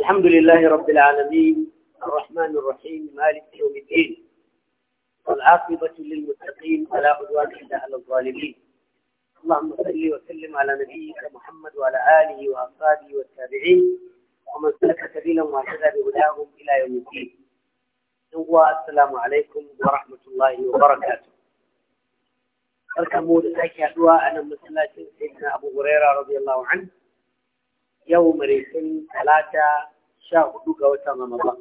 الحمد لله رب العالمين الرحمن الرحيم مالك يوم الدين والعاقبة للمتقين ولا عدوان إلا على الظالمين اللهم صل وسلم على نبيك محمد وعلى آله وأصحابه والتابعين ومن سلك سبيلا واهتدى بهداهم إلى يوم الدين السلام عليكم ورحمة الله وبركاته barkan mu da sake haduwa سيدنا أبو هريرة رضي الله عنه yau maraicin talata sha hudu ga watan ramadan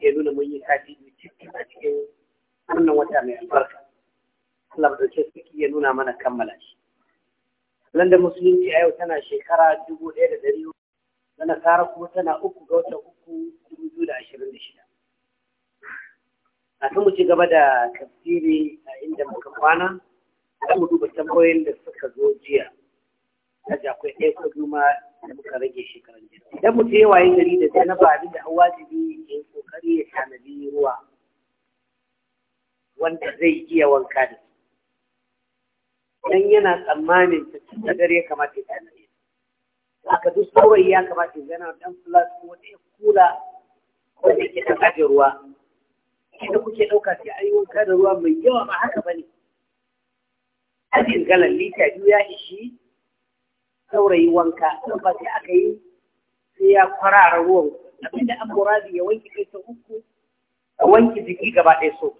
ke nuna mun yi sati cikin a cikin wannan wata mai albarka Allah da ce suki ya nuna mana kammala shi Landa musulunci a yau tana shekara dubu ɗaya da ɗari na kara kuma tana uku ga watan uku dubu biyu da ashirin da shida a mu ci gaba da tafsiri a inda muka kwana za mu duba tambayoyin da suka zo jiya kaji akwai ɗaya ko biyu ma da muka rage shekaran jiya idan mutum ya waye gari da janaba abin da wajibi ya yi kokari ya tanadi ruwa wanda zai iya wanka da su dan yana tsammanin ta tun da dare kamata ya tanadi haka duk saurayi ya kamata ya gana dan fulas ko wata ya kula wanda ke kan ajiye ruwa inda kuke ɗauka sai an yi wanka da ruwa mai yawa ba haka ba ne. Ajin galan lita biyu ya ishi saurayi wanka don ba sai aka yi sai ya kwarara ruwan abinda an muradi ya wanke kai ta uku a wanke jiki gaba ɗaya so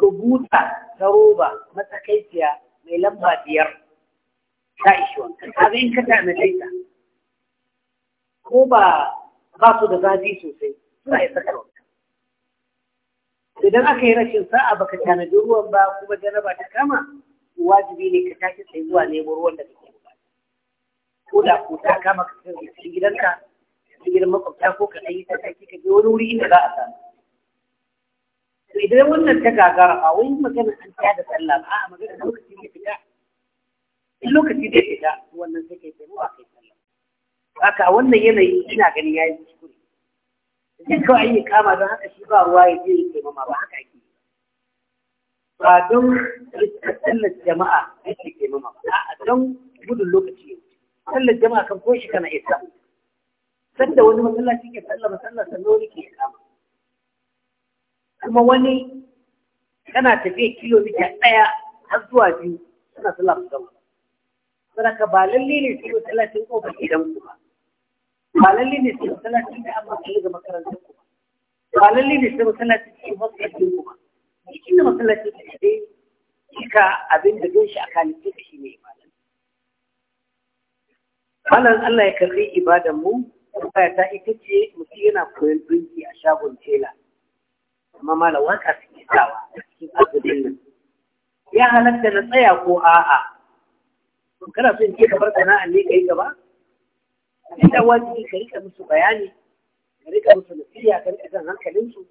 rubuta ta roba matsakaiciya mai lamba biyar ta ishi wanka kaga in ka ta na jaita ko ba ba su da zafi sosai suna isa karwata idan aka yi rashin sa'a baka tanadi ruwan ba kuma jaraba ta kama wajibi ne ka tashi sai zuwa nemo ruwan da kake ko da ko ta kama ka kai cikin gidanka cikin gidan makwabta ko ka ɗanyi ta saki ka je wani wuri inda za a samu idan wannan ta gagara ba wai magana an ta da sallah ba a magana lokaci da fita in lokaci da fita wannan sai kai mu a kai sallah haka wannan yanayi ina ganin yi kuskure zan kawai yi kama don haka shi ba ruwa ya je ya taimama ba haka ake ba don sallar jama'a ake taimama ba a don gudun lokaci ne sallar jama'a kan ko shi kana isa sanda wani masallaci ke sallar sallar sallar wani ke isa kuma wani kana tafiya kilomita ɗaya har zuwa biyu suna sallar su gama saboda ba lalle ne su yi masallacin ƙofar gidan ku ba ba lalle ne su yi masallacin da su yi ga makarantar ku ba ba lalle ne su yi masallacin da an masallacin ku ba shi ne masallacin da ya cika abin da don shi a kanin shi ne ba Malam Allah ya karbi ibadan mu, tambaya ta ita ce mutum yana koyon dinki a shagon tela. Amma malam waka suke sawa cikin azumin nan. Ya halatta na tsaya ko a'a. Kana son ke kamar sana'a ne ka yi gaba? ɗan wajibi ka rika musu bayani, ka rika musu nasiha, ka rika jan hankalinsu.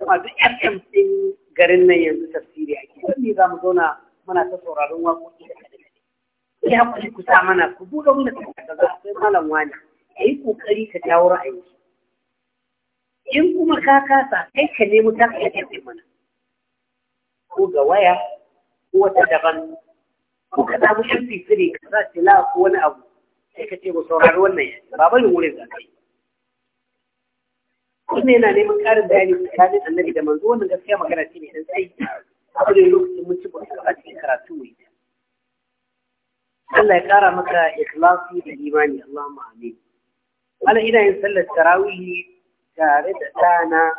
Kuma duk FM ɗin garin nan yanzu tafsiri ake. Don ne za mu zauna muna ta sauraron waƙoƙi da ya hakuri ku sa mana ku buɗe mu da kaza akwai malam wani yi ƙoƙari ka jawo ra'ayi in kuma ka kasa kai ka nemi ta ka yi mana ko ga waya ko wata daban ko ka samu yan fitiri ka sa tila ko wani abu sai ka ce mu saurari wannan ba bayan wurin za ka yi wannan yana neman ƙarin bayani tsakanin annabi da manzo wannan gaskiya magana ce ne dan sai a lokacin mun ci ba a cikin karatu ne Allah ya ƙara maka ikhlasi da imani Allahumma amin ana ina yin sallar tarawih tare da dana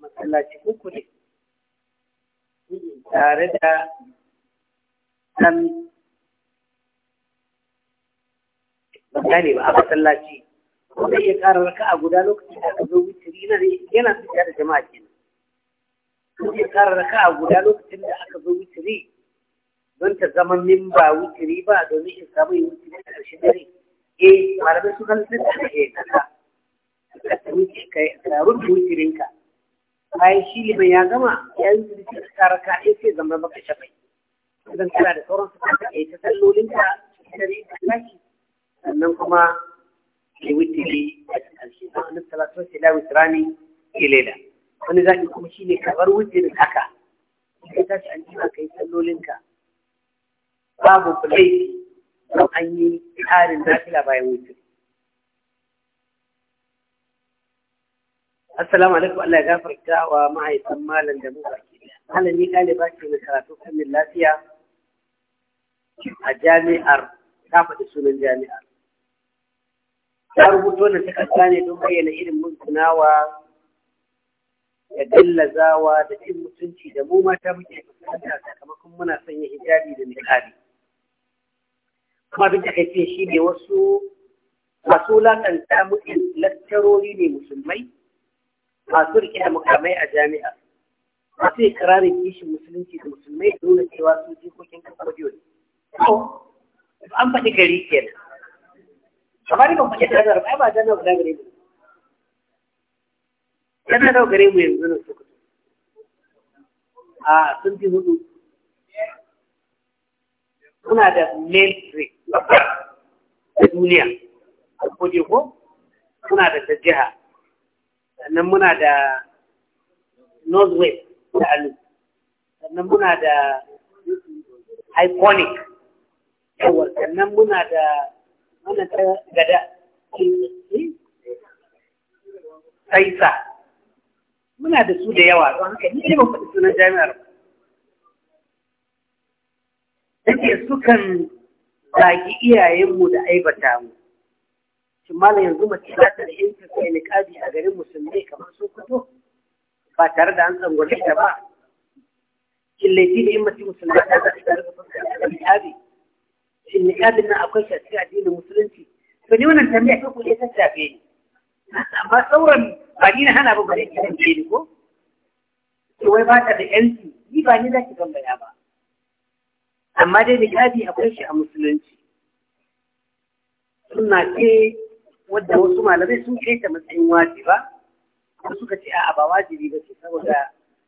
masallaci uku ne tare da ɗan misali ba a masallaci wanda ya ƙara raka a guda lokacin da aka zo wuturi yana fita da jama'a kenan ya ƙara raka a guda lokacin da aka zo wuturi don ta zama min ba wutiri ba domin in samu yi wutiri a ƙarshen dare eh malamai su kan sun da ke kasa ka wuce ka ka rufe wutirin ka bayan shi liman ya gama ya yi wutiri ka tsara ka ɗaya sai zama maka shafai idan kana da sauran su ka ta ta sallolin ka cikin dare ka tashi sannan kuma ke wutiri a ƙarshe don annabi sallallahu alaihi wasallam wutirani ilela wani zaɓi kuma shi ne bar wutirin haka ka tashi an jima ka yi sallolinka babu laifi don an yi ƙarin nafila bayan wuce. Assalamu alaikum Allah ya gafarta wa mahaifin malam da mu baki. ni ɗaliba ke mai karatu fannin lafiya a jami'ar ta faɗi sunan jami'ar. Ta rubuto na takarda ne don bayyana irin tunawa da gallazawa da cin mutunci da mu mata muke fuskanta sakamakon muna sanya hijabi da niƙari. kuma duk da kai shi ne wasu masu lakanta mutum lakcarori ne musulmai masu riƙe da mukamai a jami'a masu ikirarin kishin musulunci da musulmai da nuna cewa su jikokin kan kwadiyo ne. an faɗi gari kenan. Kamar ban faɗi janar ba, ba janar guda gare mu. Janar da gare mu yanzu na su A sun fi hudu. Muna da mail break. da duniya kuje ko muna da jiha sannan muna da northway da alu sannan muna da iconic yawa sannan muna da mana ta gada saisa muna da su da yawa don haka ni ne ba faɗi sunan jami'ar ba take sukan zagi iyayenmu da aibata mu shi malam yanzu mace za ta da yanka kai niqabi a garin musulmai kamar sun fito ba tare da an tsangwale ta ba shin laifi ne in mace musulmai ta za ta rufe fuskar da niqabi shin niqabin nan akwai shi a cikin addinin musulunci to ni wannan tambaya ta kuɗe ta shafe ni amma sauran ba ni na hana ba ba ne ko to wai ba ta da yanci ni ba ni za ki tambaya ba amma dai niqabi akwai shi a musulunci suna ce wadda wasu malamai sun kai ta matsayin wajiba ko suka ce a'a ba wajibi ba ce saboda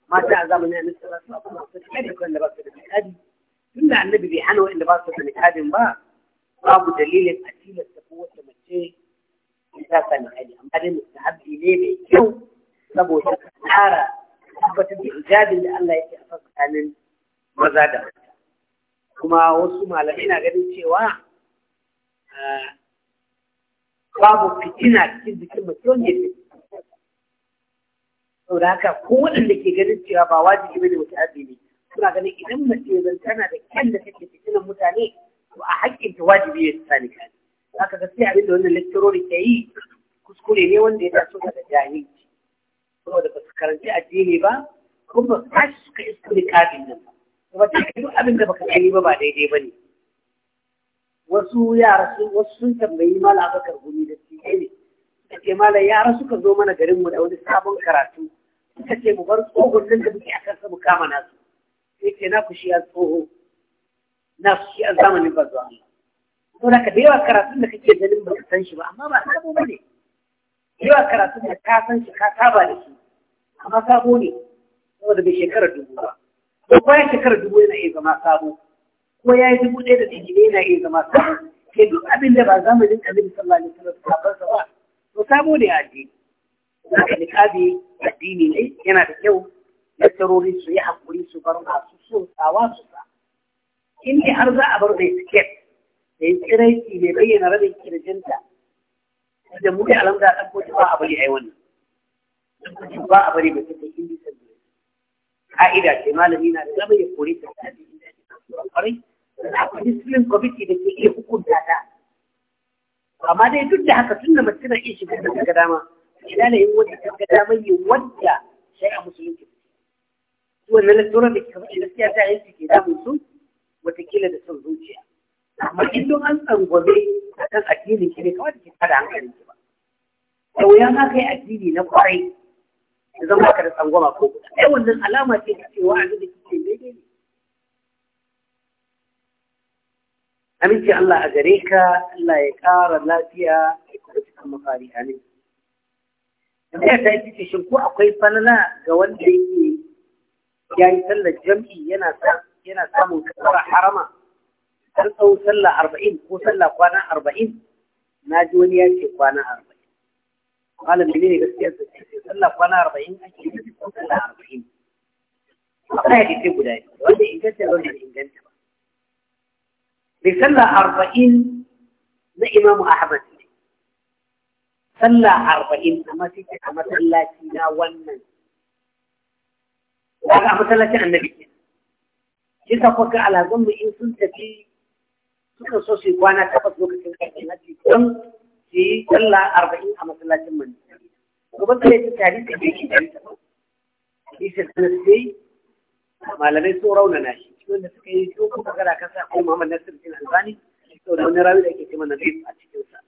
mata a zamanin annabi sallallahu alaihi wasallam masu kai da da ba su da Tun tunda annabi bai hana wanda ba su da nikadin ba babu dalilin a tilasta ko wata mace in ta sa niqabi amma dai mustahabi ne mai kyau saboda tsara tabbatar da ijabin da Allah yake a tsakanin maza da mata kuma wasu malamai na ganin cewa eh, babu fitina cikin jikin mutum ne sau da haka ko waɗanda ke ganin cewa ba wajibi bane wata azumi suna ganin idan mace zan tana da kyan da take fitinan mutane to a haƙƙin wajibi ya ta ne kani haka gaskiya abin da wannan lecturer ke yi kuskure ne wanda ya taso daga jahilci saboda ba su karanci addini ba kuma ba su tashi su iskuri kafin nan ba wata duk abin da baka kai ba ba daidai ba ne wasu yara sun wasu sun tambayi mala bakar gumi da su ne suka ce mala yara suka zo mana garin mu da wani sabon karatu suka ce mu bar tsohon nan da muke a kansa mu kama nasu sai ce na ku shi a tsoho na ku shi a zamanin ba Allah to da ka da yawa karatun da kake ganin ba ka san shi ba amma ba sabo ba ne yawa karatun da ka san shi ka saba da shi amma sabo ne saboda bai shekara dubu ba ko bayan shekara dubu yana iya zama sabo ko ya yi dubu ɗaya da ɗari yana iya zama sabo ke duk abin da ba zamanin annabi sallah alaihi wasallam sabon sa ba to sabo ne a da addini zaka niqabi addini ne yana da kyau tarori su yi haƙuri su bar masu so tsawa su sa in ne har za a bar da siket da yi tsiraiti bai bayyana rabin kirjinta da mu da alamda ɗan kotu ba a bari a yi wannan ba a bari ba ta kai ka'ida ce malami na da zama ya kore ta da kwarai akwai discipline committee da ke iya hukunta ta amma dai duk da haka tun da mace na iya shiga da ga dama ina da yin wanda ta ga dama yi wanda a musulunci wannan lalaturan da ke kamar gaskiya ta yanki ke damun su watakila da son zuciya amma in don an tsangwame a kan addinin shi ne kawai da ke kada hankali ba. Yau ya ma kai addini na kwarai idan ba ka da tsangwama ko ai wannan alama ce da cewa a zuba kike daidai ne aminci Allah a gare ka Allah ya ƙara lafiya ya kuma cikin mafari amin tambaya ta yi ce shin ko akwai falala ga wanda yake ya yi sallar jam'i yana yana samun kasar harama har tsawon sallah arba'in ko sallah kwana arba'in na ji wani ya ce kwana arba'in malam ne gaskiya sallah kwana arba'in ake yi sallah arba'in akwai hadisi guda biyu wanda inganta da inganta ba mai arba'in na imamu ahmad ne sallah arba'in a masjid a masallaci na wannan a masallacin annabi ke shi sa kuka alazan mu in sun tafi sukan so kwana takwas lokacin karfin hajji don yi sallah arba'in a masallacin manzo kuma sai ta tari ta ke shi dari hadisin Anas dai malamai sun raunana shi cikin da suka yi dogon magana kan sa ko Muhammad Nasir bin Albani saboda wani rawi da ake cewa Nazif a cikin sa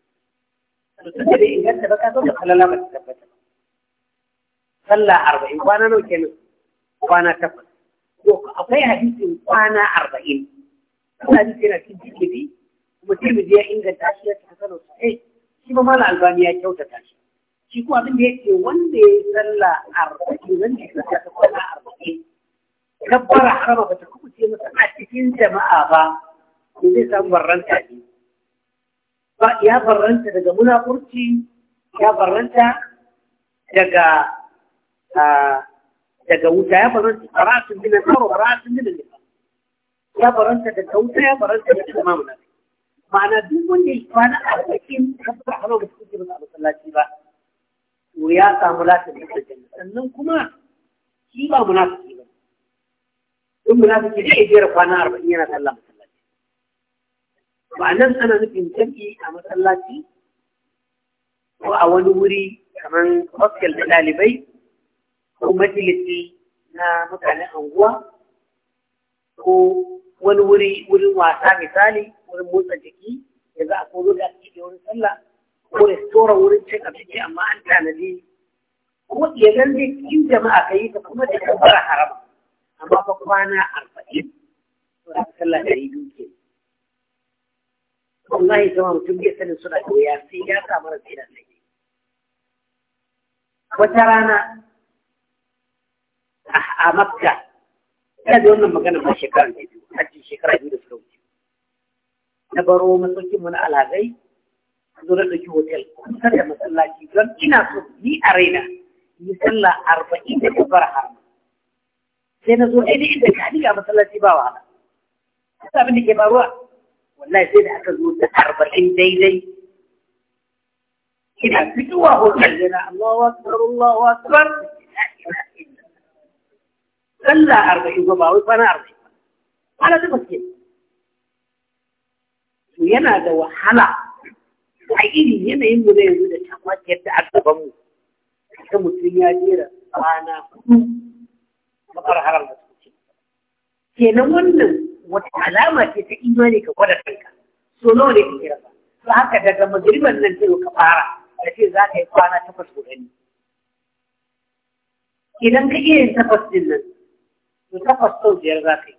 to tun da inganta ba ka zo da falala ba ta tabbata ba arba'in kwana nawa kenan kwana akwai hadisin kwana arba'in yana cikin kuma tirmidhi ya inganta shi shi ba mala albani ya kyautata shi shi kuma abin da yake wanda ya yi sallah arba'in wanda ya sallah ta kwana arba'in kabbara haraba ba ta kuma ce masa a cikin jama'a ba ko zai samu barranta ne ba ya barranta daga munafurci ya barranta daga daga wuta ya barranta baratun bin nasara baratun bin nifa ya barranta daga wuta ya barranta daga imam nasara ma'ana duk wanda ya kwana arba'in kabbar a lokacin da ba a masallaci ba to ya samu lafiya da aljanna sannan kuma shi ba munafiki ba in munafiki da ya jera kwana arba'in yana sallah masallaci ba nan ana nufin jam'i a masallaci ko a wani wuri kamar hostel da ɗalibai ko majalisi na mutanen anguwa ko wani wuri wurin wasa misali wurin motsa jiki ya za a kozo da ake wurin sallah ko restoran wurin cin abinci amma an tanadi ya idan dai kin jama'a ka yi ta kuma da fara haram amma fa kwana arba'in to da sallah ɗari biyu ke wallahi zama mutum bai sanin suna da wuya sai ya samu rasi da sai wata rana a makka ina da wannan magana ba shekaran da biyu shekara biyu da suka wuce na baro masaukin mu na alhazai zo na ɗauki hotel kuma da masallaci don ina so ni a raina yi sallah arba'in da tabbar harma sai na zo da inda ka ga masallaci ba wahala kusa abin da ke faruwa wallahi sai da aka zo da arba'in daidai ina fitowa hotel yana Allahu akbar Allahu akbar sallah arba'in ba wai kwana arba'in ana da gaske to yana da wahala a irin yanayin mu da yanzu da takwas yadda a gaban mu ta mutum ya jera kwana hudu bakar haram da suke kenan wannan wata alama ce ta imani ka gwada kanka so nawa ne ka kira ba to haka daga magriban nan sai ka fara da ce za ka yi kwana takwas gudani idan ka iya yin takwas din nan to takwas sau biyar za ka yi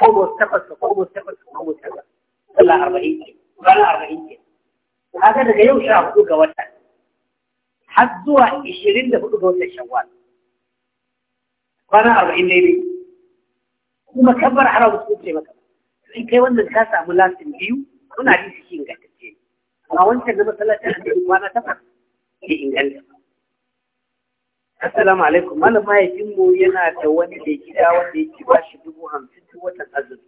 kobo takwas ka kobo takwas ka kobo takwas arba'in arba'in haka daga yau sha wata ishirin da kwana arba'in kuma kabbar haramu sun ce maka in kai wannan ka samu lasin biyu kuna ji shi ingantacce amma wancan na masallacin da kwana ke inganta Assalamu alaikum, malam mahaifinmu yana da wani da gida wanda yake ba shi dubu hamsin ta watan azumi.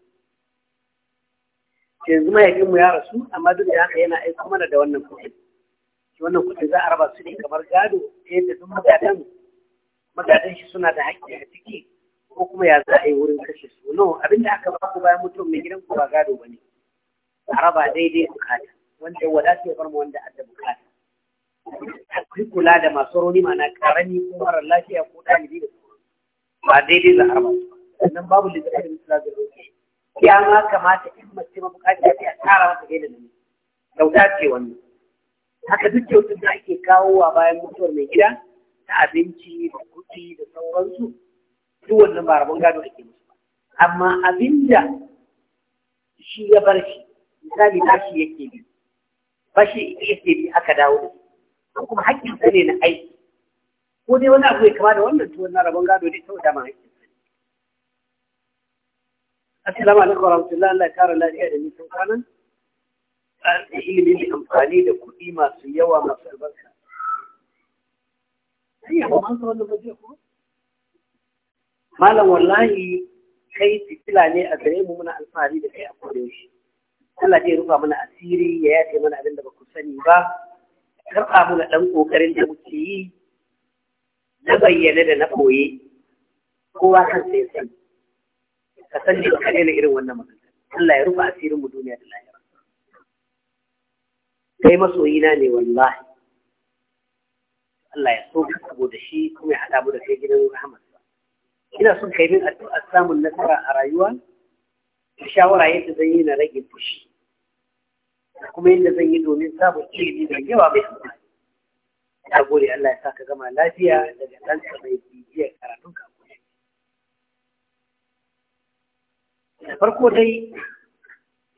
Yanzu mahaifinmu ya rasu, amma duk da haka yana aiko mana da wannan kuɗi. Wannan kuɗi za a raba su ne kamar gado, ta yadda duk magadan magadan shi suna da haƙƙi a ciki, ko kuma ya za a yi wurin kashe su. No, abin da aka ba ku bayan mutum mai gidan ku ba gado ba ne. A raba daidai bukata, wanda ya ya bar mu wanda adda bukata. akwai kula da masu rauni mana karami ko mara lafiya ko ɗalibi da ba daidai da harba sannan babu littafin da da roƙe ya ma kamata in mace mabukaci ya tsara masa gaida da kyauta ce wannan haka duk kyautun da ake wa bayan mutuwar mai gida ta abinci da kuɗi da sauransu duk wannan ba rabon gado ake musu amma amma abinda shi ya bar shi misali bashi yake bi bashi yake bi aka dawo da shi ko kuma haƙƙin sa ne na aiki ko dai wani abu ya kama da wannan tuwon na rabon gado dai saboda ma haƙƙin sa ne assalamu alaikum warahmatullahi Allah ya kara lafiya da nisan kwanan ilimin amfani da kuɗi masu yawa masu albarka malam wallahi kai fitila ne a gare mu muna alfahari da kai a kodayaushe Allah zai rufa mana asiri ya yace mana abin da ba ku sani ba karɓa muna ɗan ƙoƙarin da muke yi na bayyane da na koye kowa kan sai san ka san ne ka daina irin wannan magana Allah ya rufa asirin mu duniya da lahira kai masoyina ne wallahi Allah ya so ka da shi kuma ya haɗa mu da kai gidan rahamarsa ina son kai min addu'a samun nasara a rayuwa shawara yadda zan yi na rage fushi kuma yadda zan yi domin samun ilimi mai yawa mai amfani ya gode Allah ya sa ka gama lafiya daga ɗan mai bibiyar karatun ka da farko dai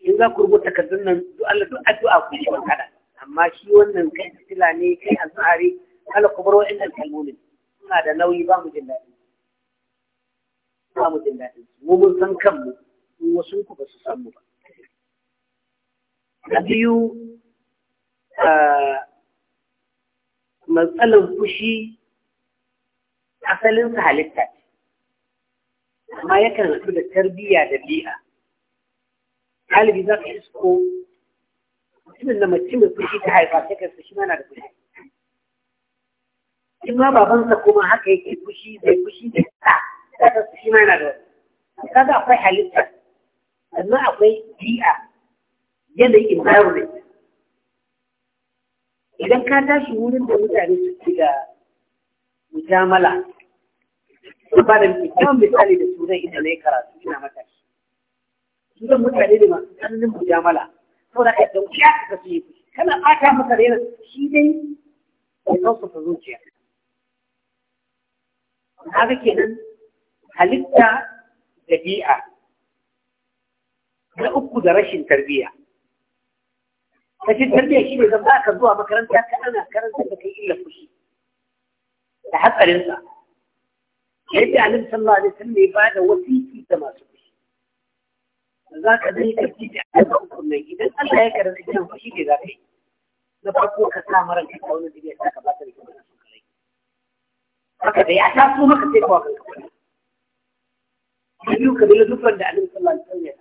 in za ku rubuta takardun nan duk Allah duk addu'a ku yi wa kada amma shi wannan kai fitila ne kai alfahari, kala ku bar wa'annan kalmomin suna da nauyi ba mu jin daɗi ba mu jin daɗi mu mun san kanmu in wasu ku ba su san mu ba na biyu matsalar fushi asalinsa halitta ce amma yakan rasu da tarbiyya da bi'a galibi za ka isko mutumin da mace mai fushi ta haifa ta ka fushi mana da fushi Shi ma babansa kuma haka yake fushi zai fushi da ta ta ka fushi mana da wani kaga akwai halitta sannan akwai bi'a yadda environment idan ka tashi wurin da mutane suke da mujamala su ba da kyakkyawan misali da sunan inda na yi karatu ina Su sunan mutane da masu tsananin mujamala da ka da wuya ka kasance kana ɓata maka rena shi dai ya sauƙaƙa zuciya haka kenan halitta ɗabi'a. na uku da rashin tarbiyya rashin tarbiyya shi ne zama ka zuwa makaranta ka ana karanta da kai illa fushi da hatsarinsa yadda alim sallallahu alaihi wasallam ya bada wasiki ga masu fushi za ka dai ka ci da ayyukan kunnan idan Allah ya karanta kan fushi ne za ka yi na farko ka sa maran ka wani da ya saka ba ta rikin kana son kare haka da ya taso maka sai kawai kanka kuma biyu ka bi duk da alim sallallahu alaihi wasallam ya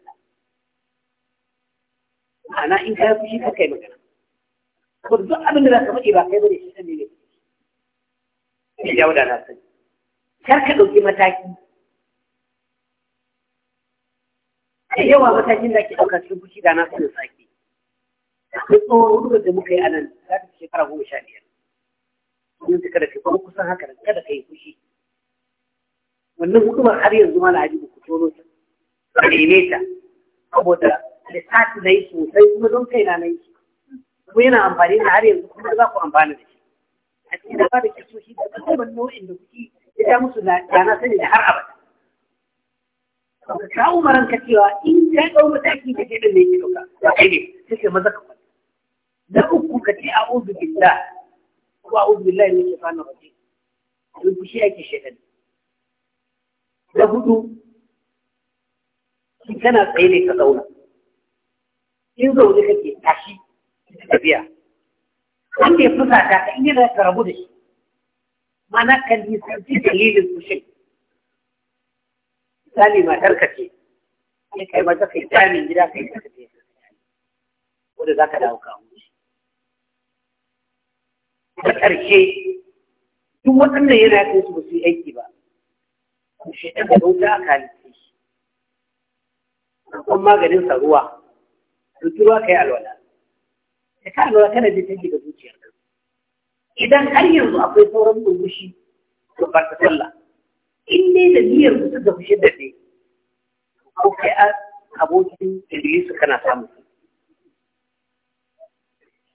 ma'ana in ka fushi ka kai magana ko duk abin da za ka faɗi ba kai bane shi san ne ki ya wada na sani kar ka ɗauki mataki da yawa matakin da ke ɗauka cikin fushi da na sanin sake akwai tsohon hudu da muka yi a nan za ta shekara goma sha biyar domin ta kada kai kuma kusan haka da kada kai fushi wannan hukumar har yanzu ma na ku tono ta ta neme ta saboda lissafi na yi sosai kuma don kai na nan kuma yana amfani da har yanzu kuma za ku amfana da shi a cikin da ba da kiso shi da kuma nau'in da kuke ya ja musu da na sani da har abada ka kawo ka cewa in ka ɗau mataki da ke da da yi ɗauka ba kai ne sai kai maza ka kwanta na uku ka ce a'udhu billah ko a'udhu billahi min shaitanir rajim don shi ake shekaru na hudu kana tsaye ne ka zauna in zaune kake tashi da tafiya wanda ya fusata ka in yana ka rabu da shi mana ka nisanci dalilin kushin misali matar ka ce sai kai mata kai jami'in gida kai ta. tafiya wanda za ka dawo ka shi da ƙarshe duk waɗanda yana kai su ba su yi aiki ba shi ɗan da wuta aka halitta shi maganin sa ruwa ɗauki ruwa ka yi alwala da ka alwala kana jin tanki da zuciyar ka idan har yanzu akwai sauran burbushi to ba ta sallah in dai da niyyar ku suka fushin da dai ko kai a abokin iblisu kana samun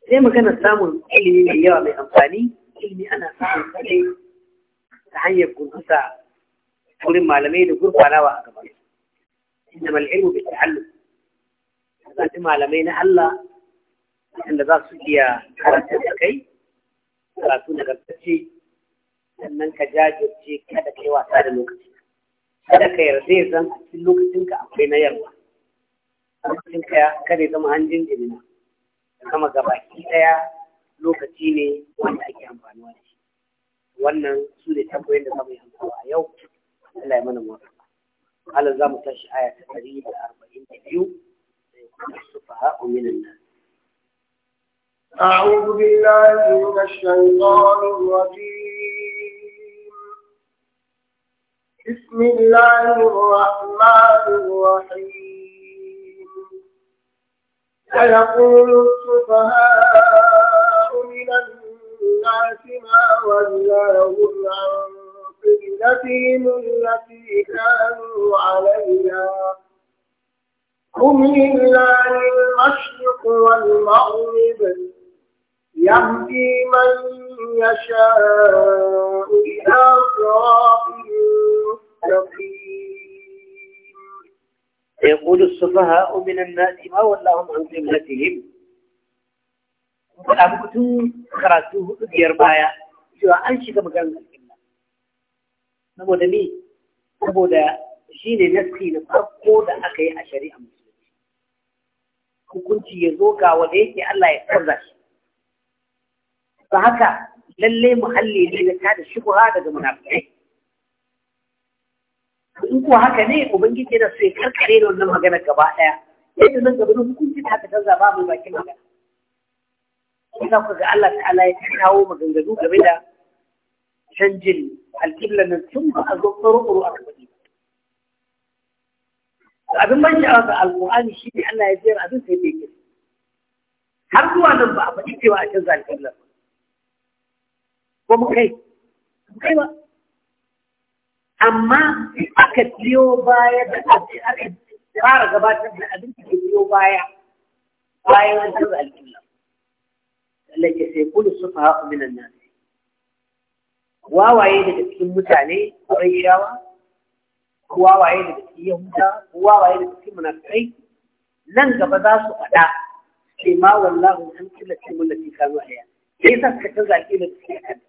sai magana samun ilimi mai yawa mai amfani ilimi ana samun kaɗai ta hanyar gurgusa wurin malamai da gurfanawa a gaban inda ilmu bai ta'allum ka malamai na Allah waɗanda za su iya karanta da kai karatu na gaskace, sannan ka jajirce kada kai wasa da lokaci kada ka yarda ya zan a cikin lokacinka akwai na yarwa kaya kada ya zama hanjin jimina kama gabaki ɗaya lokaci ne wanda ake amfani da shi wannan su ne tambayoyin da zamu yi amfani a yau Allah ya mana muwafaqa Allah za mu tashi aya ta biyu. السفهاء من الناس أعوذ بالله من الشيطان الرجيم بسم الله الرحمن الرحيم ويقول السفهاء من الناس ما ولاهم عن قبلتهم التي كانوا عليها هم لله المشرق والمغرب يهدي من يشاء إلى صراط مستقيم يقول السفهاء من الناس ما ولاهم عن قبلتهم وأبكتم خرجوه بيربايا شو أنشك مكان القبلة نبو دمي نبو دا شيني نسخي نفرقو دا أخي أشريع مسلم hukunci ya zo ga wanda yake Allah ya canza shi ba haka lallai muhalli ne na tada shubha daga munafikai in kuwa haka ne ubangiji yana so ya karkare da wannan magana gaba ɗaya. yadda zan gaba da hukunci da haka canza babu mai bakin magana ina ku ga Allah ta'ala ya kawo maganganu game da canjin alƙiblar nan tun ba a zo tsaro a kan abin ban sha'awa ga alƙur'ani shi ne Allah ya jera abin sai bai kira har zuwa nan ba a faɗi cewa a canza alƙiblar ba ko mu kai kai ba amma aka biyo baya da aka fara gabatar da abin da ke biyo baya bayan an canza alƙiblar Allah ya sai kullu sufaha minan nas wawaye daga cikin mutane ƙurayshawa kowa waye daga cikin yahuda kowa waye daga cikin munafai nan gaba za su faɗa sai ma wallahu an killace mun lati kanu aya sai sa ka ta zaki da suke kan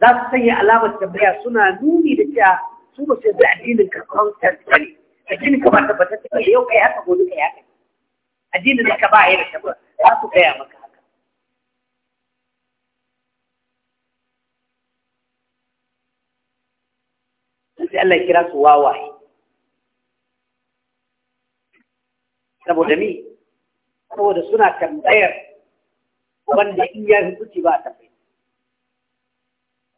za su sanya alamar tambaya suna nuni da cewa su ba su da addinin ka kwantar tsari addinin ka ba tabbatar da yau kai haka gobe kai haka addinin da ka ba ya da ba za su gaya maka sai Allah ya kira su wawaye saboda ni saboda suna tambayar wanda in ya hukunci ba a tambayi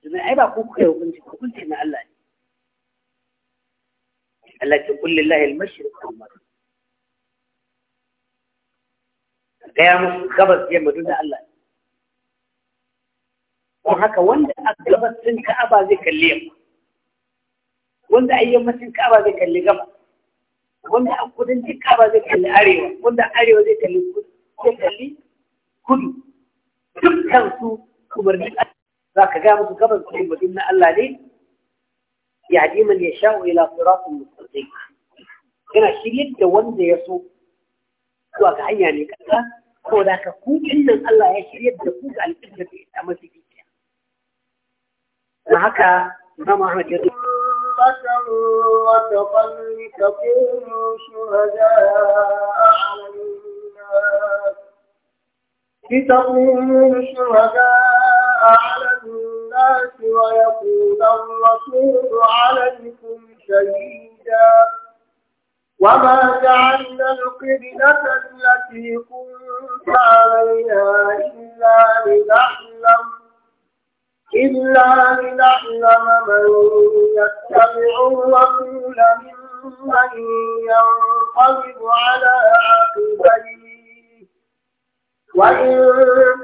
domin ai ba ku kuka hukunci hukunci na Allah ne Allah ce kulli lahil mashirin kamar. maghrib gaya musu gabas ya duk na Allah ne don haka wanda a gabasin Ka'aba zai kalle mu wanda a yammacin kaba zai kalli gaba wanda a kudancin kaba zai kalli arewa wanda arewa zai kalli kudu zai kalli kudu dukkan su umarnin za ka ga musu gaban su umarnin na Allah ne ya ji man ya sha'u ila siratun mustaqim yana shiryar da wanda ya so zuwa ga hanya ne kasa ko ka ku nan Allah ya shiryar da ku ga alƙibla da ita masu gidiya. Na haka Imam Ahmad ya رحمة وتقلك كونوا شهداء على الناس لتكونوا شهداء على الناس ويكون الرسول عليكم شهيدا وما جعلنا القبلة التي كنت عليها إلا لنعلم إلا لنعلم من يتبع الرسول ممن ينقلب على عقبيه وإن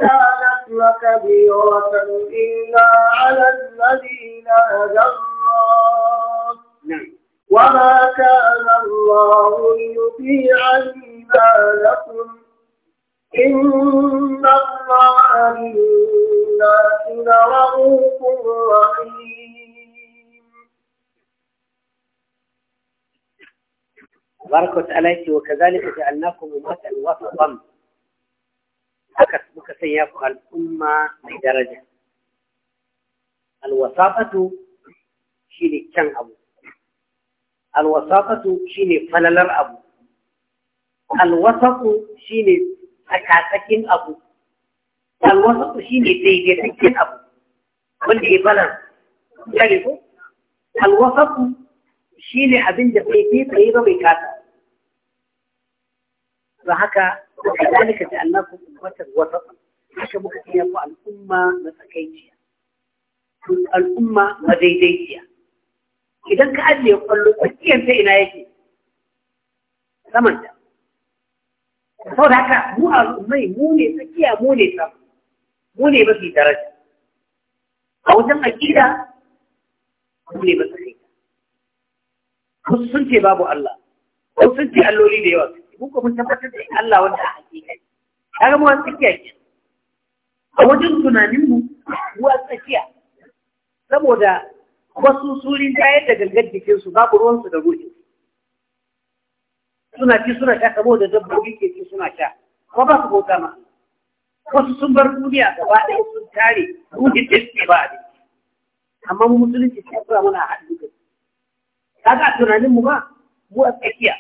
كانت لكبيرة إلا على الذين هدى الله نعم. وما كان الله ليطيع إيمانكم إن الله بالناس لرؤوف رحيم بارك وتعالى وكذلك جعلناكم أمة وسطا haka muka sanya ku al'umma mai daraja alwasafatu shine can abu alwasafatu shine falalar abu alwasafu shine tsakatsakin abu alwasu shi ne daidaitaccen abu wanda ya balan kare ko alwasu shi ne abin da bai fi tsaye ba bai kasa ba haka kadalika da Allah ku wata wasu haka muka tsaya ku al'umma na tsakaiciya al'umma na madaidaiciya idan ka ajiye kwallo tsakiyar ta ina yake samanta saboda haka mu al'ummai mu ne tsakiya mu ne sama mu ne mafi daraja a wajen aƙida mu ne mafi aƙida wasu sun ce babu Allah wasu sun ce alloli da yawa mun ko mun tabbatar da Allah wanda a haƙiƙa ya gama mu an tsakiya ke a wajen tunanin mu mu an tsakiya saboda wasu surin ta da gangar su babu su da ruhin suna ci suna sha saboda dabbobi ke ci suna sha kuma ba su bauta ma wasu sun bar duniya gaba ɗaya sun tare rudin da suke ba ne amma mu musulunci sai kura mana haɗin da Ta ga tunanin mu ba mu a tsakiya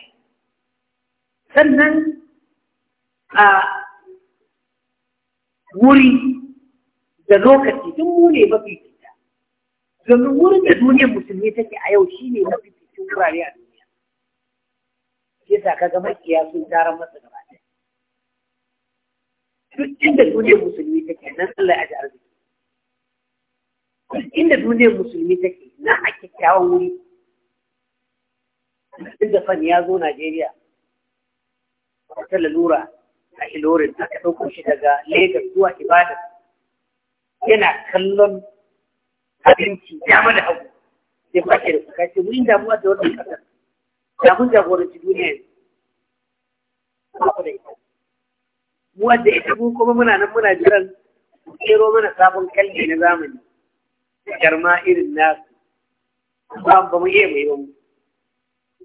sannan a wuri da lokaci tun mu ne mafi fita domin wurin da duniyar musulmi take a yau shi ne mafi fitin wurare a duniya yasa ga makiya sun tara masa duk inda duniyar musulmi take nan Allah ya ji arziki duk inda duniyar musulmi take nan a kyakkyawan wuri duk da fan ya zo Najeriya wata lalura a Ilorin aka ɗauko shi daga Lagos zuwa Ibadan yana kallon abinci dama da hagu sai kwace da kuka ce wurin damuwa da wannan ƙasar da mun jagoranci duniya yanzu ba ku da ita wanda ya tabu kuma muna nan muna jiran kero mana sabon kalli na zamani jarma irin nasu ba ba mu iya mai ba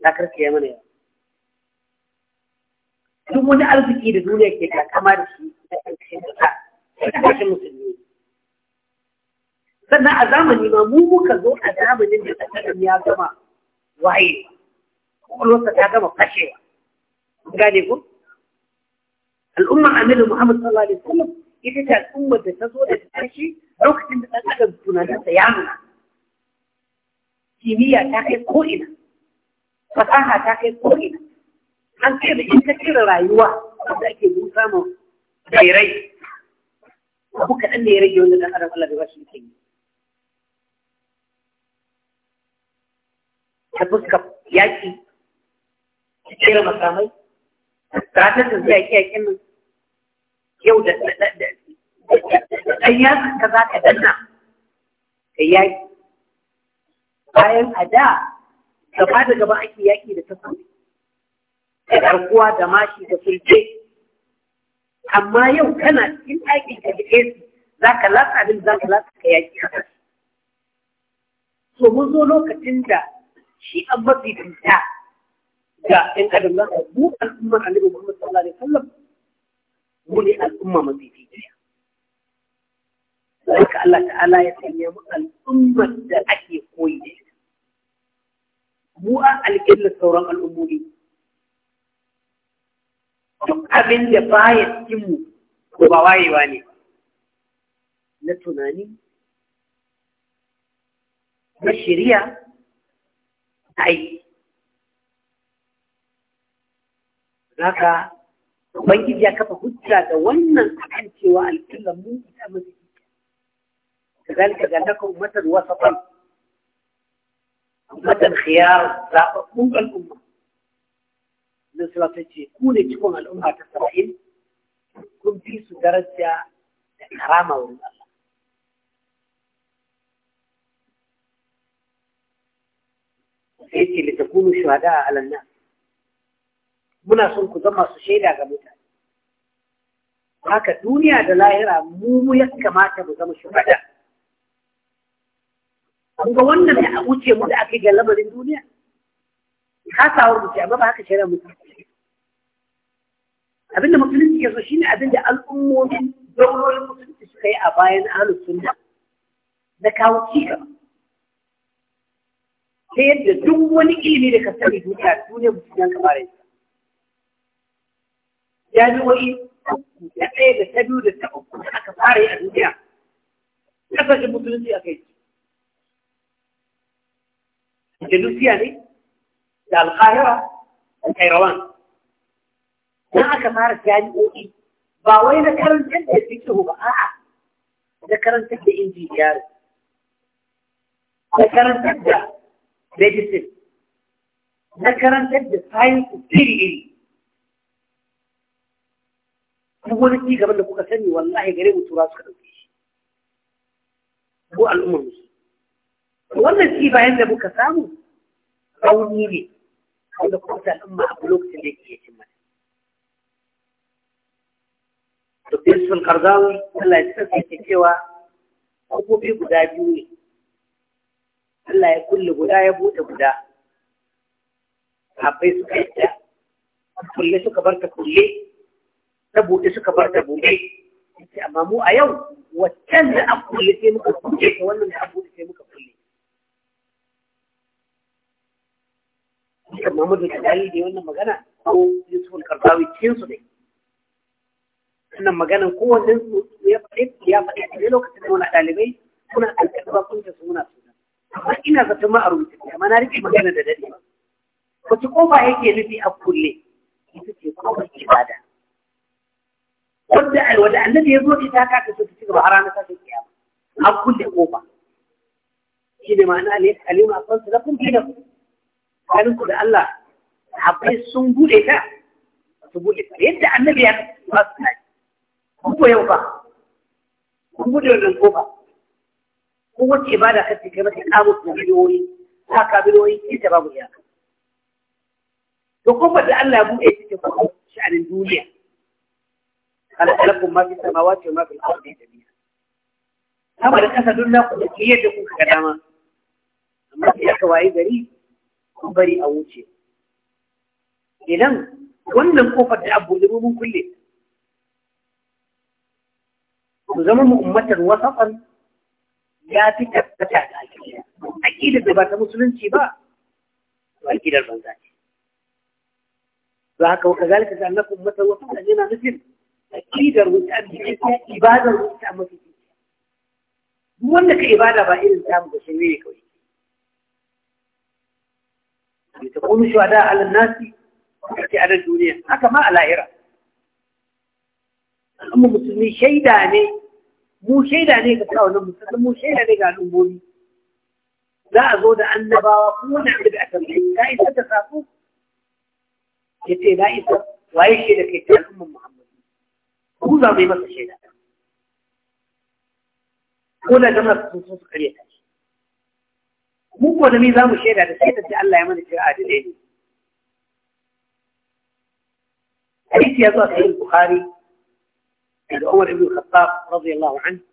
ta karfe ya mana yawa duk wani arziki da duniya ke kama da shi na ƙarƙashin da ta ƙarshen musulmi sannan a zamani ma mu muka zo a zamanin da tsakanin ya gama waye kuma ta gama fashewa gane ku? al'ummar annabi Muhammad sallallahu alaihi wasallam ita ce al'ummar da ta zo da tashi lokacin da ɗan adam tunaninsa ta nuna kimiyya ta kai ko'ina fasaha ta kai ko'ina an kai da in ka cire rayuwa wanda ake mun samun rairai abu kaɗan ne ya rage wanda ɗan adam Allah bai bashi yake yi ta fuska yaƙi ta cire makamai ta ta zai yaƙi yaƙin nan yau da ɗan ka za ka danna ka yaƙi bayan a da gaba da gaba ake yaƙi da tafi ka ɗarkuwa da mashi da sulke amma yau kana cikin ɗakin ka da AC za ka latsa abin za ka latsa ka yaƙi a so mun zo lokacin da shi an mafi fita ga ‘yan adam za ka buɗe al'ummar annabi Muhammad sallallahu alaihi wasallam mu ne al'umma mafificiya haka Allah ta'ala ya sanya mu al'ummar da ake koyi da ita mu a alƙillar sauran al'ummomi duk abin da baya cikin mu ko ba wayewa ne na tunani na shirya na aiki haka ubangiji ya ثلاثة da انت والكل من كذلك قال لكم مثل وسطا مثل خيار من الأمة مثل تجي كون تكون الأمة تسرحين كن في درجة كرامة ولله سيتي لتكونوا شهداء على الناس muna son ku zama su haka duniya da lahira mu mu ya kamata mu zama shugaba ga wannan a wuce mu da aka ga lamarin duniya sawo mu ce amma ba haka shari'a mutum abinda musulunci ya so shine abinda al'ummomin daurorin musulunci suka yi a bayan ahlus sunna na kawo cigaba ta yadda duk wani ilimi da ka sani duniya duniya mutum ya kamar yadda jami'o'i uku ɗaya da ta biyu da ta uku da aka fara yi a duniya ƙasashen musulunci a kai Andalusiya ne da Alkahira da Kairawan na aka fara jami'o'i ba wai na karantar da fikihu ba a'a na karantar da injiniyar na karantar da medicine na karantar da science iri iri duk wani ci gaban da kuka sani wallahi gare mu tura suka dauke shi ko al'ummar mu wannan ci bayan da kuka samu rauni ne wanda kuma ta al'umma a lokacin da yake cin mana to bisul Karzawi, Allah ya sassa ke cewa abubuwa guda biyu ne Allah ya kulle guda ya bude guda habbai suka yi kulle suka barta kulle ta buɗe suka bar da buɗe yace amma mu a yau waccan da aka kulle sai muka kulle ta wannan da aka buɗe sai muka kulle Dukkan mun da Dali da wannan magana ko Yusuf Karbawi cikin su ne. Wannan maganan su ya faɗi ya faɗi a ne lokacin da muna ɗalibai kuna alƙalba kun ta suna su. Amma ina zaton ma a rubuce amma na rike magana da dadi ba. Wace ƙofa yake nufi a kulle? Ita ce ƙofar ibada. wadda ai annabi ya zo da ita ka kace ci gaba har ranar ta kiyama an kulle kofa shi ne ma'ana ne alima kan su lakum dinu kanin ku da Allah akwai sun bude ta su bude ta yadda annabi ya ba su kai ku ko yau ba ku bude wannan kofa ko wace ibada kace kai ba ta kamu ku biyoyi ta kabiloyi ita babu iyaka to kuma da Allah ya bude cikin sha'anin duniya قال لكم ما في السماوات وما في الأرض جميعا هذا الأسد الله هي تكون كداما أما في أكواعي بري بري أو إذن wannan kofar da abu da mun kulle ku zama mu ummatar wasafan ya fi tabbata da akida da ba ta musulunci ba to akidar banza ne. ba da ummatar wasafan akidar wuta biki ko ibada wuta mafi duk wanda ka ibada ba irin ta mu bashin ne kawai bi ta kuma shuhada ala nasi kake a duniya haka ma a lahira amma musulmi shaida ne mu shaida ne ga kawunan musulmi mu shaida ne ga al'ummomi za a zo da annabawa kuma na da aka mai ka isa da sako ya ce na isa waye shi da kai ta al'ummar muhammad ku za mu yi masa shaida ko da gama sun sun su karya ta mu ko da mi za mu shaida da sai ta sai Allah ya mana cewa adalai ne hadisi ya zo a cikin bukhari daga Umar ibn Khattab radiyallahu anhu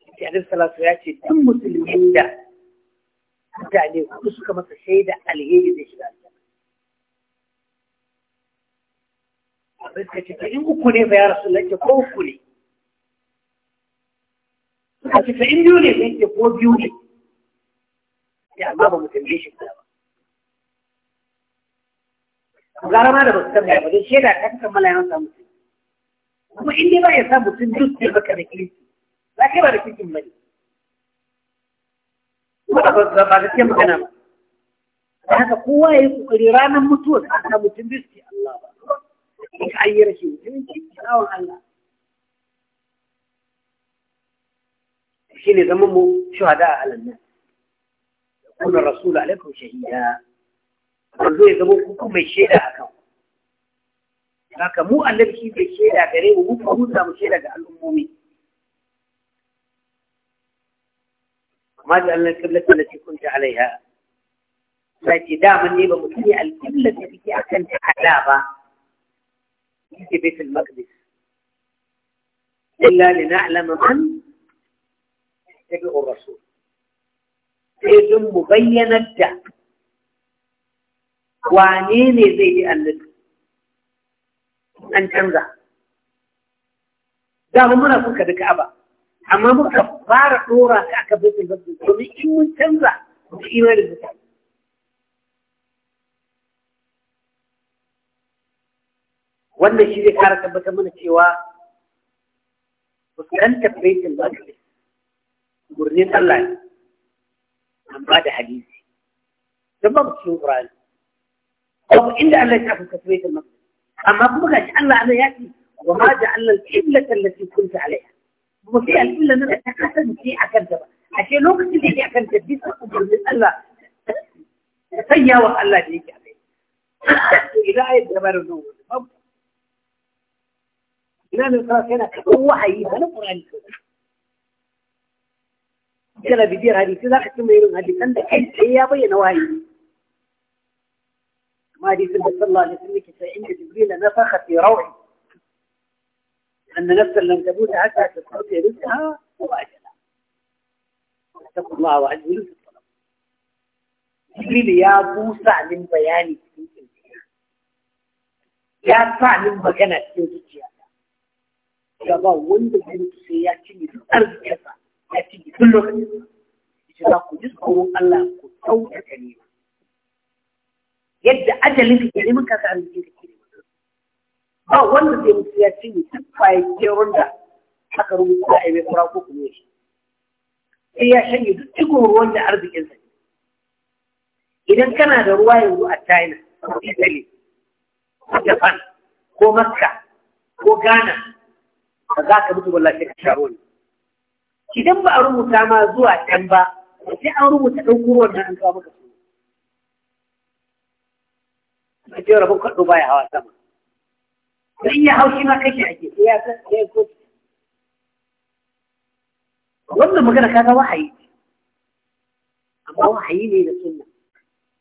sai Annabi sallallahu ya ce duk musulmin da mutane kudu suka masa shaida alheri zai shiga aljanna suka ce in uku ne fa ya rasu lake ko uku ne suka ce in biyu ne sai ke ko biyu ne ya amma ba mu tambaye shi ba gara ma da ba su tambaya ba don shaida ta kan kammala yawan samu kuma in dai ba ya sa mutum duk ne baka da kirki za ka yi ba da kirkin ba ne kuma ba ba gaskiya magana ba haka kowa ya yi kokari ranar mutuwa a samu sun biski Allah ba شيني زمامو شهداء على الناس يقول الرسول عليكم شهيدا رضوه زمامو كم يشهد أكاو لكن مو ألب شيء بيشهد أكري ومو فهوزا مشهد أكا الأمومي ما جعلنا الكبلة التي كنت عليها فأنت دائما يبقى مكني الكبلة التي أكنت حلابة في بيت المقدس إلا لنعلم من يتبع الرسول sai mu bayyanata da wane ne zai yi annabi an canza dama muna kuka ka da ka'aba amma muka fara dora ka aka bai domin in mun canza mu imani da ta wannan shi zai kara tabbatar mana cewa fuskantar baitul maqdis gurnin Allah an ba da hadisi don babu cikin Qur'ani babu inda Allah ya fuskanta baitul maqdis amma kuma gashi Allah ana ya ce wa ma Allah al-qiblata allati kunta alaiha kuma sai al na nan ta kasance a kanta ba ashe lokacin da yake kan ta bisa umarnin Allah ta sanya wa Allah da yake a kai to idan ayat da barin nan babu إمام الفاكنة هو حيث القرآن كلا بدير هذه سلاح ثم يرون هذه سنة حيث هي أبي نواهي ما هذه سنة صلى الله عليه وسلم كسائن جبريل نفخ في روحي أن نفس لم تبوت عسى في الصوت يرزها هو أجل أتقوا الله وعز وجل جبريل يا موسى من بياني يا صاحب المكانة في الجيش Gaba wanda zai mutu sai ya ci duk arzikinsa ya cinye duk lokacinsa yace za ku ji tsoron Allah ku kyautata nema yadda ajalin ka ke neman ka arziki ka ke ba wanda zai mutu ya cinye duk fayyarwar da aka rubuta a yabe fura ko kuma shi sai ya shanye duk cikin ruwan da arzikinsa ne idan kana da ruwa yanzu a China ko Italy ko Japan ko Makka ko Ghana ba za ka mutu wallahi ka sharo ne idan ba a rubuta ma zuwa can ba sai an rubuta ɗan kurwar nan an kawo maka su a ce rabon kaɗo baya hawa sama don ya haushi ma kashe ake sai ya san ya ko wannan magana kaga wahayi amma wahayi ne da sunna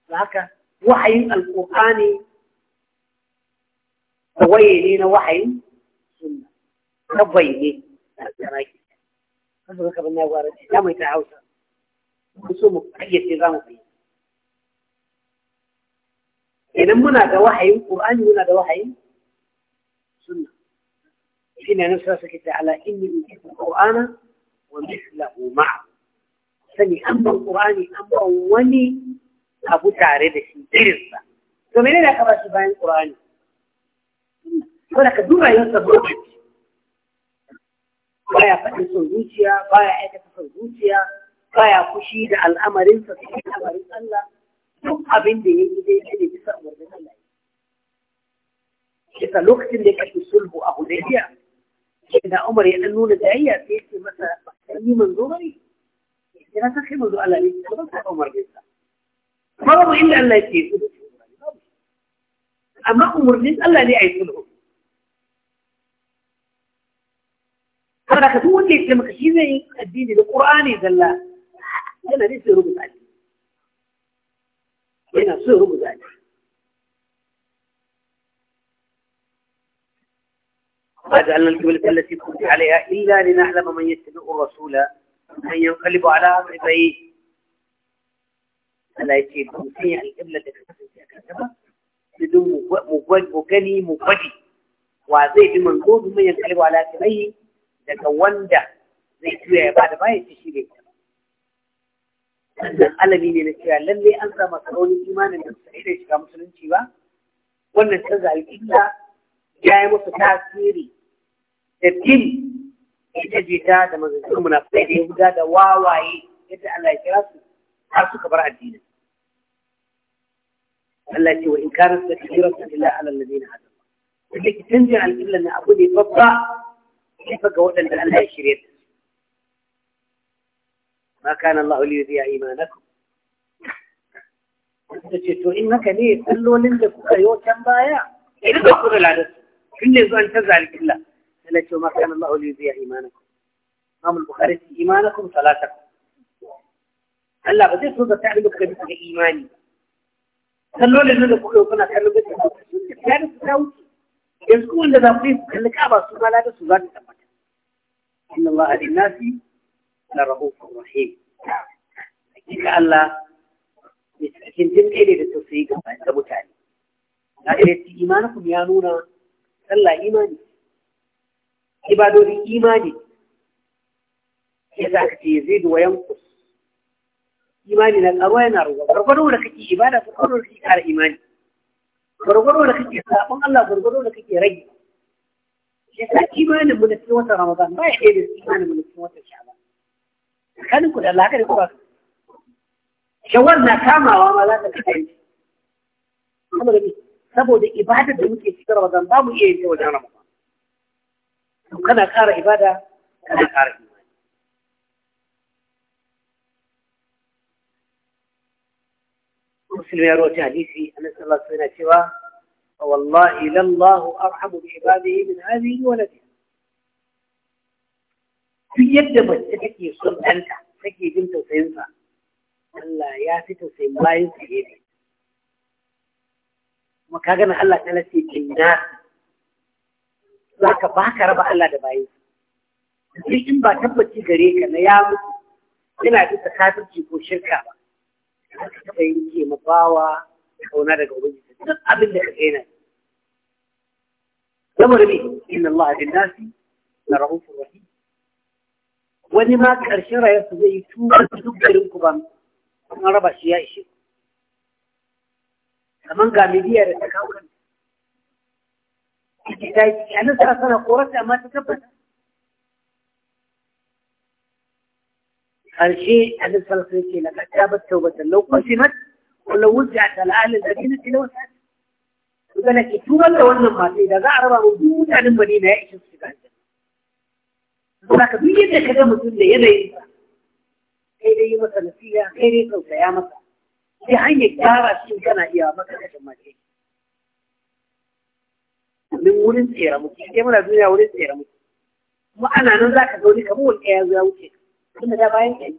da haka wahayin alƙur'ani tawaye ne na wahayin sunna rabbai ne a tsaraki kasu ga kaban ya gwara ce ta mai ta hausa ku so mu kayyace za mu kai idan muna da wahayin qur'ani muna da wahayin sunna shine nan sai suke ta ala inni utitu qur'ana wa mithluhu ma'a an ban an ban wani abu tare da shi ba shi bayan qur'ani ko da ka yin baya faɗin son zuciya baya aikata son zuciya baya fushi da al'amarinsa su al'amarin Allah duk abin da ya yi dai ne bisa umarnin Allah bisa lokacin da ya kashe sulhu a Hudaybiya da Umar ya nuna jayayya sai ce masa ba yi manzo bane ya ta kai manzo Allah ne ba ta Umar ne sa babu inda Allah ya ce amma umarnin Allah ne a yi sulhu saboda ka duk wanda ya shi zai yi addini da qur'ani zalla yana da sai rubuta addini yana so rubuta addini ما القبلة التي كنت عليها إلا لنعلم من يتبع الرسول من ينقلب على عقبيه ألا يتيب مسيح القبلة التي كتبها بدون مغني مغني وزيد منقوض من ينقلب على عقبيه daga wanda zai tuya ya da ba ya ci shi bai wannan alami ne na cewa lalle an samu rauni imanin da suka da shiga musulunci ba wannan canza illa ya yi masa tasiri da tim ita jita da mazancin munafikai da yahuda da wawaye yadda Allah ya kira su har suka bar addinin Allah ce wa in kana sa kira illa ala hada. hadu kake canjin alƙibla ne abu ne babba كيف قوت الان اي شيء ما كان الله ليذيع ايمانكم تجدوا ان كثير قالوا لنك كيو كم بايع الى دخول العدد كل انت ذلك الا الا ما كان الله ليذيع ايمانكم قام البخاري ايمانكم ثلاثه هلا بدي تفوز تعمل لك ايماني قالوا لنك كيو كنا كانوا بس كانوا تساوي يسكون لذا فيه كل inna Allah linnasi la rahufur rahim hakika Allah ne cikin jin ne da tausayi ga da mutane na da yace imanukum ya nuna sallah imani ibadodi imani ya za ka zai duwa yankus imani na ƙaro yana ruwa gwargwaro da kake ibada gwargwaro da kake ƙara imani gwargwaro da kake sabon Allah gwargwaro da kake rage yasa imanin mu da cikin watan Ramadan ba ya ɗaya da imanin mu da cikin watan Sha'ban tsakanin ku da Allah kada ku ba shawar na kamawa ma za ka kai saboda me saboda ibadar da muke cikin Ramadan ba mu iya yin ta wajen Ramadan to kana ƙara ibada kana ƙara imani Musulmi ya rawaci hadisi, Annabi sallallahu alaihi wasallam cewa فوالله لله أرحم بعباده من هذه ولدها في يد ما تحكي أنت تحكي بنت وسينفع Allah ya fi tausayin bayan su ne. Kuma ka gana Allah ta lafi jinna za ka ba ka raba Allah da bayan in ba tabbaci gareka na ya yana bisa kafirci ko shirka ba. Ka taɓa yanke mabawa kauna daga ubangiji duk abin da kake yana saboda me inna Allah bin nasi na rahufur rahim wani ma ƙarshen rayuwarsa zai yi tuba duk garin ku ba an raba shi ya ishe kaman ga midiya da ta kawo kanta ta yi anan sa sana korata amma ta tabbata karshe annabi sallallahu alaihi wasallam ce laqad tabat tawbatan law qusimat wanda wujata al'alin da dina a da wannan za a raba mu mutanen Madina ya ishe su shiga aljanna saka duk yadda kaga mutum da yanayin kai yi masa kai ya masa hanyar shi kana iya mace wurin wurin ana nan zaka kamar wani ya wuce kuma da bayan ɗaya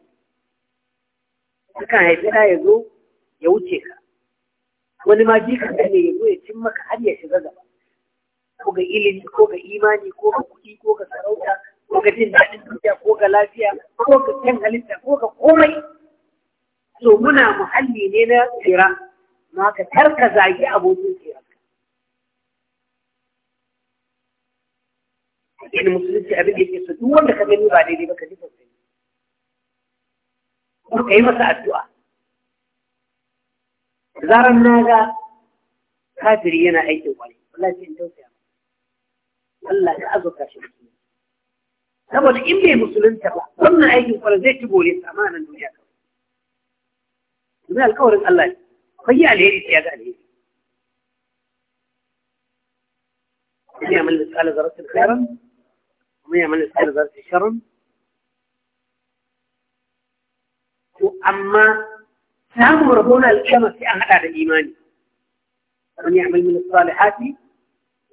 suka haifi ɗaya zo ya wuce ka wani ma jikan ka ne ya zo ya cin maka har ya shiga gaba ko ga ilimi ko ga imani ko ga kuɗi ko ga sarauta ko ga jin daɗin duniya ko ga lafiya ko ga kyan halitta ko ga komai so muna muhalli ne na tsira ma ka tarka zagi abokin tsira addinin musulunci abin da yake so duk wanda ka gani ba daidai ba ka ji sosai ka yi masa addu'a zaran na ga kafiri yana aikin kwarai wallahi in tausaya Allah ya azurta shi saboda in bai musulunta ba wannan aikin kwarai zai ci gore sa amanan duniya kawai domin alkawarin Allah ne kai ya alheri sai ya ga alheri من يعمل مثقال ذرة خيرا ومن يعمل مثقال ذرة شرا وأما samun rabona alƙiyama sai an haɗa da imani man ya'mal min salihati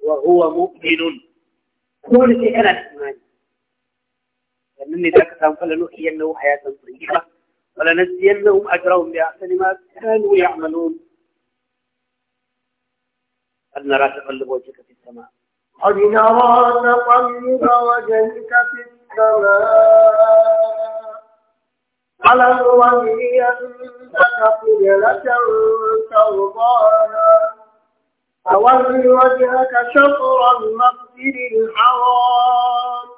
wa huwa mu'minun ko da sai kana da imani sannan ne zaka samu kala nuhi yannahu hayatan tayyiba wala nasiyannahum ajrahum bi ahsani ma kanu ya'malun أن نرى تقلب وجهك في السماء قد نرى تقلب وجهك في السماء أنك قبلة ترضاها فول وجهك شطر المسجد الحرام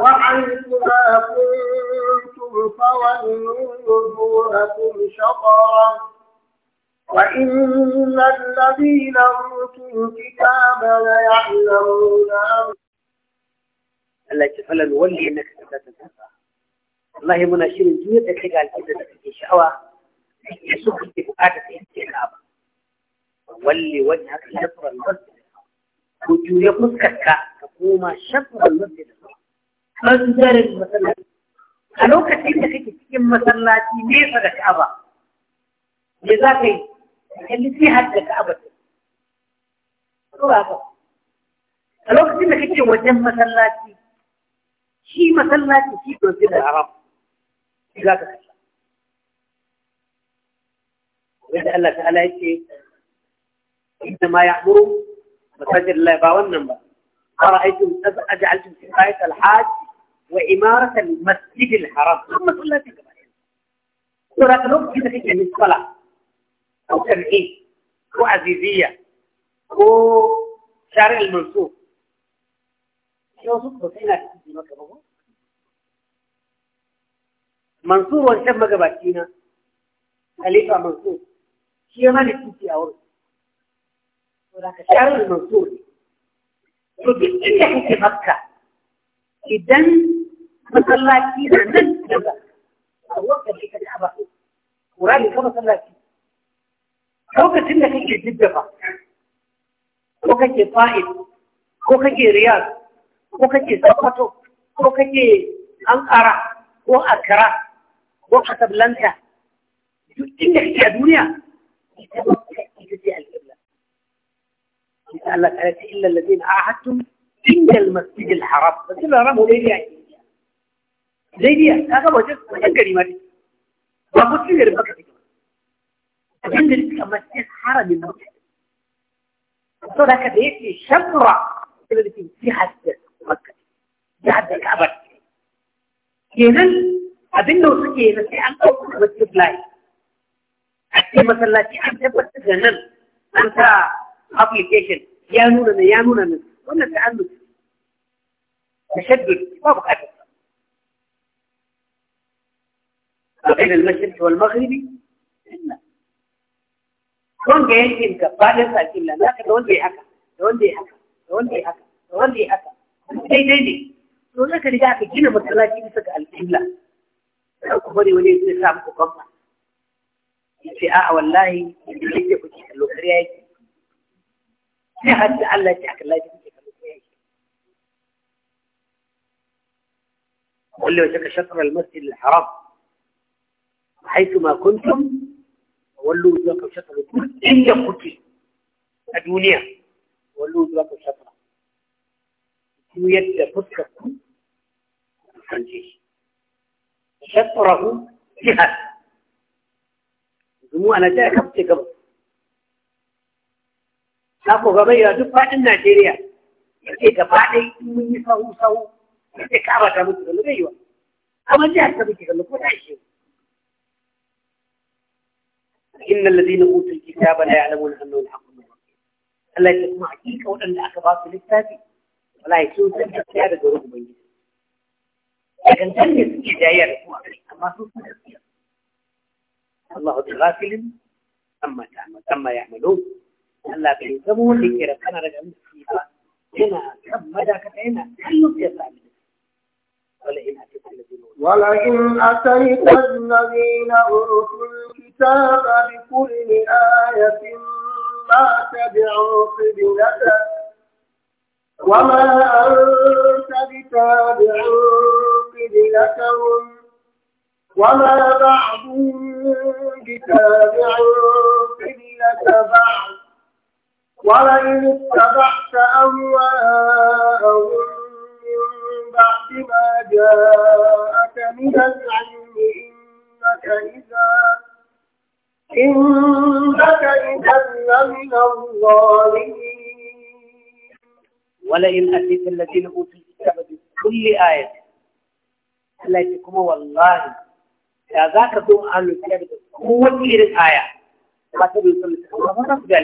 وحيث كنتم فولوا وجوهكم شطرا وإن الذين أوتوا الكتاب ليعلمون أن التي أنك قبلة ترضاها wallahi muna shirin duk da ta ga alƙibla da ke sha'awa da kake ke kake da sai kake ka'aba walle wani haka shafar masjid ko juya fuskarka ka koma su masjid ɓangaren masallaci a lokacin da kake cikin masallaci nesa da ka'aba me za ka yi kalli sai har da ka'aba a lokacin da kake wajen masallaci shi masallaci shi ɗauki da haramu. لا تتكلم ka الله تعالى Allah ta'ala yake inna ma ya'muru masajid أرأيتم أجعلتم سقاية الحاج وإمارة المسجد الحرام ثم صلاة الجماعة سورة لوك كده كده من الصلاة أو تمعين أو عزيزية أو شارع المنصور شو صدق بسينا في مكة mansur wancan magabaci na khalifa mansur shi ya hana titi a wurin to ka sharar mansur to duk inda kake makka idan masallaci na nan daga a wakar shi ka da ba kura ne ka masallaci lokacin da kake jiddafa ko kake fa'id ko kake riyad ko kake sakwato ko kake ankara ko akara روح حسب اللي انت انك يا دنيا قال لك عليك إلا الذين أعهدتم إن المسجد الحرام بس إلا رمو ليه ليه ليه ليه هذا هو جزء وين قريمة دي وقلت لي ربك في جمال أجل لك مسجد حرام من مكة قلت لك بيت لي شمرة الذي في حسد مكة جعب الكعبة كينا abin da suke yi sai an ɗauka da wasu fly a cikin masallaci an tabbatar da nan an sa application ya nuna nan ya nuna nan wannan ta an nuna tashaddud ba buƙatar بين المشرق والمغرب wanda ya yi gabaɗin sarkin nan zaka da wanda ya haka da wanda ya haka da wanda ya haka da wanda ya haka daidai ne to zaka riga aka gina masallaci bisa ga alƙibla الكفري ولي الإسلام كقطع في آه والله ليش يكون شيء كلوكري أي شيء حتى على شيء كلا شيء كلوكري أي قل لي وشك شطر المسجد الحرام حيثما كنتم ولوا وجوهكم شطر الكفر إلا كفري الدنيا ولوا وجوهكم شطر ويد فتكم الخنجيش شطره بها زمو انا جاي كبتي كبت ناكو غبيا دو فاتن نيجيريا يجي من يسهو سهو يجي كابا كبتي اما جاي كبتي كبتي كبتي كبتي إن الذين أوتوا الكتاب لا يعلمون أنه الحق من ربهم. الله يسمع فيك وأن أكبر في الكتاب ولا يسوس ذلك تكتب ذروة بينك. لكن كان يسكي أما سوف الله بغافل أما تعمل أما يعملون هلا بيزمون لكيرا كان رجع من هنا كم مدى كتعينا كل يسعى من ولئن أتيت الذين ولئن أوتوا الكتاب بكل آية ما تبعوا قبلتك وما أنت بتابع أدلتهم وما بعضهم بتابع قبلة بعض ولئن اتبعت أهواءهم من بعد ما جاءك من العلم إنك إذا إنك إذا لمن الظالمين ولئن أتيت الذين أوتوا الكتاب بكل آية التي كما والله يا ذاك دوم ان لكيب هو كير ايا ما تقول تقول ما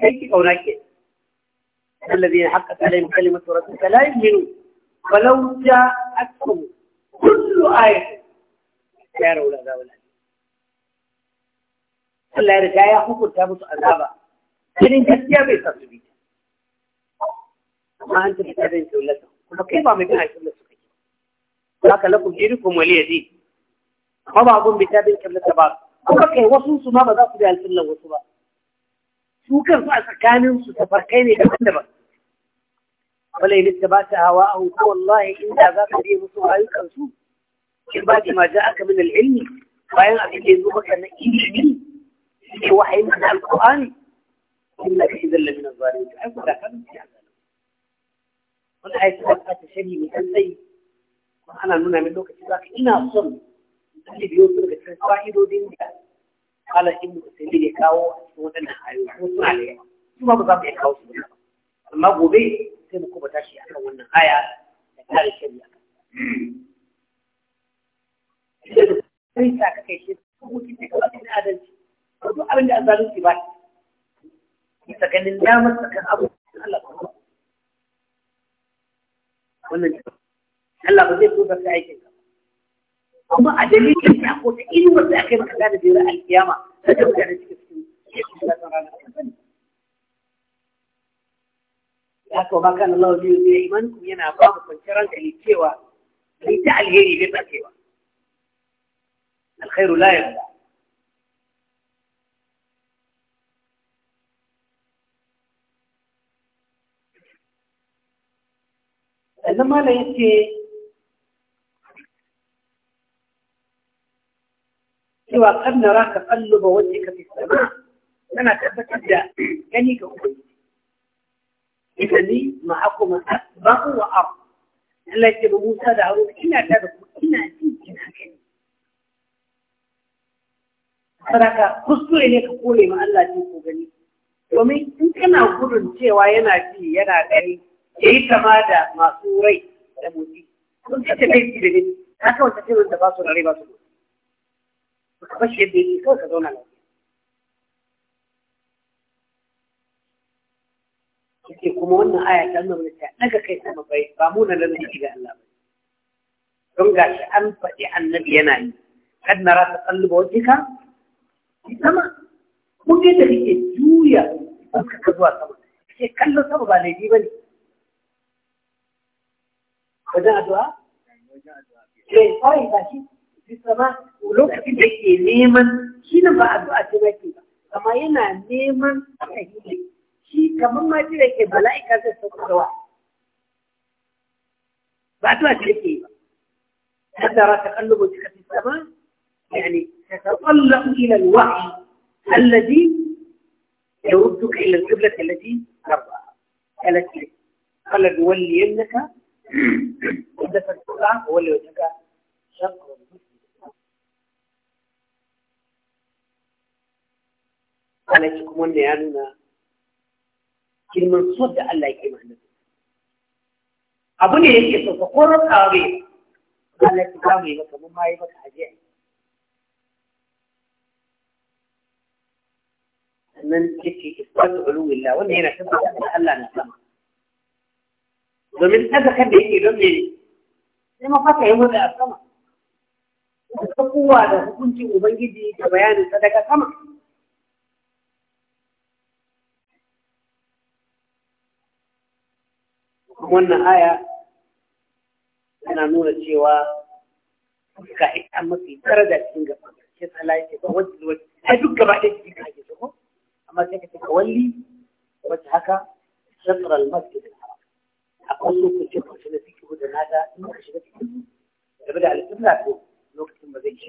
تقول الذين حقت عليهم كلمة ربك لا يؤمنون ولو جاءتهم كل آية كان ولا ذا الله يرجع يا خوك وتابوس عذابا لكن جدي أبي تصبي ما أنت بتابين تقول لك وكيف عم يكون عايش haka lakum irukum waliyadi amma ba abun bitabin kiblata ba kuma kai wasu su ma ba za su bi alfillan wasu ba Shukar su a tsakanin su tafarkai ne daban daban wala yi ta ba ta hawa a hukun wallahi inda za ka je musu ayyukan su in ba ma ja aka min al'ilmi bayan abin da ya zo maka na ilimi ke wahayin da alƙur'ani إلا في ذل من الظالمين أقول لك هذا من هذا ولا عايز تبقى تشري من أي ana nuna min lokaci za ka ina son zai biyo su daga cikin fa'idodin da kala ibn usaimi ya kawo a cikin waɗannan ayoyi ko suna da yawa su ba za mu iya kawo su ba amma gobe sai mu kuma tashi kan wannan aya da kare shari'a shi hukunci ne kawai na adalci abin da azalunci ba ganin Allah ba zai tozar ta aikin ka kuma a dalilin da ko ta inuwar da aka yi maka gane jira alkiyama ta ta mutane cikin su haka ba kan Allah biyu da imanku yana ba mu kwanciyar hankali cewa kai ta alheri bai tsakewa alkhairu la yarda sannan malam ya ce cewa na nara ka kalluba wace ka fi sama tana tabbatar da gani ga ubangiji idani ma'akuma asbaqu wa ar Allah ya Musa da Haruna ina ta da ku ina jin kina gani saraka kuskure ne ka kore ma Allah ji ko gani domin in kana gudun cewa yana ji yana gani Ya yi kama da masu rai da motsi sun ce kai ki da ne haka wata ce wanda ba su da rai ba su ka kuma wannan aya ta nuna mana cewa daga kai sama bai ba mu na ga Allah ba don an faɗi annabi yana yi kad nara kalluba sama mun ga kake juya fuska zuwa sama kake kallon sama ba laifi wajen addu'a kawai bisa ba lokacin da ke neman shi nan ba addu'a ce mafi ba amma yana neman fahimta shi kamar ma ji da ke bala'ika zai sauka da wa ba addu'a ce ke ba هذا را تقلب وجهك في السماء يعني تتطلع إلى الوحي الذي يردك إلى القبلة التي ترضاها قالت لي قال لولينك قبلة القبلة وولي وجهك شطر ان አለችኩምን ያሉና ኪልምን ሶድ አላህ ይቀማነት አቡኒ እየሰ ፈቆሮ ካቢ አለች ካቢ ወከም ማይ ወታጂ من كيف يثبت علو الله وان هنا كتب الله ان السماء ومن هذا كان بيجي يقول لي لما فتح يوم السماء القوة هذا هو كنت أبنجي دي كبيان صدق السماء wannan aya yana nuna cewa fuska ita mafi tara da cikin gaba ce tsala yake ba wacce zuwa ai duk gaba ɗaya cikin ake so amma sai ka ce ka walli wacce haka shatar almasjid al-haram akwai lokacin da shi na fiki da nada in ka shiga cikin gaba da alƙibla to lokacin ba zai shi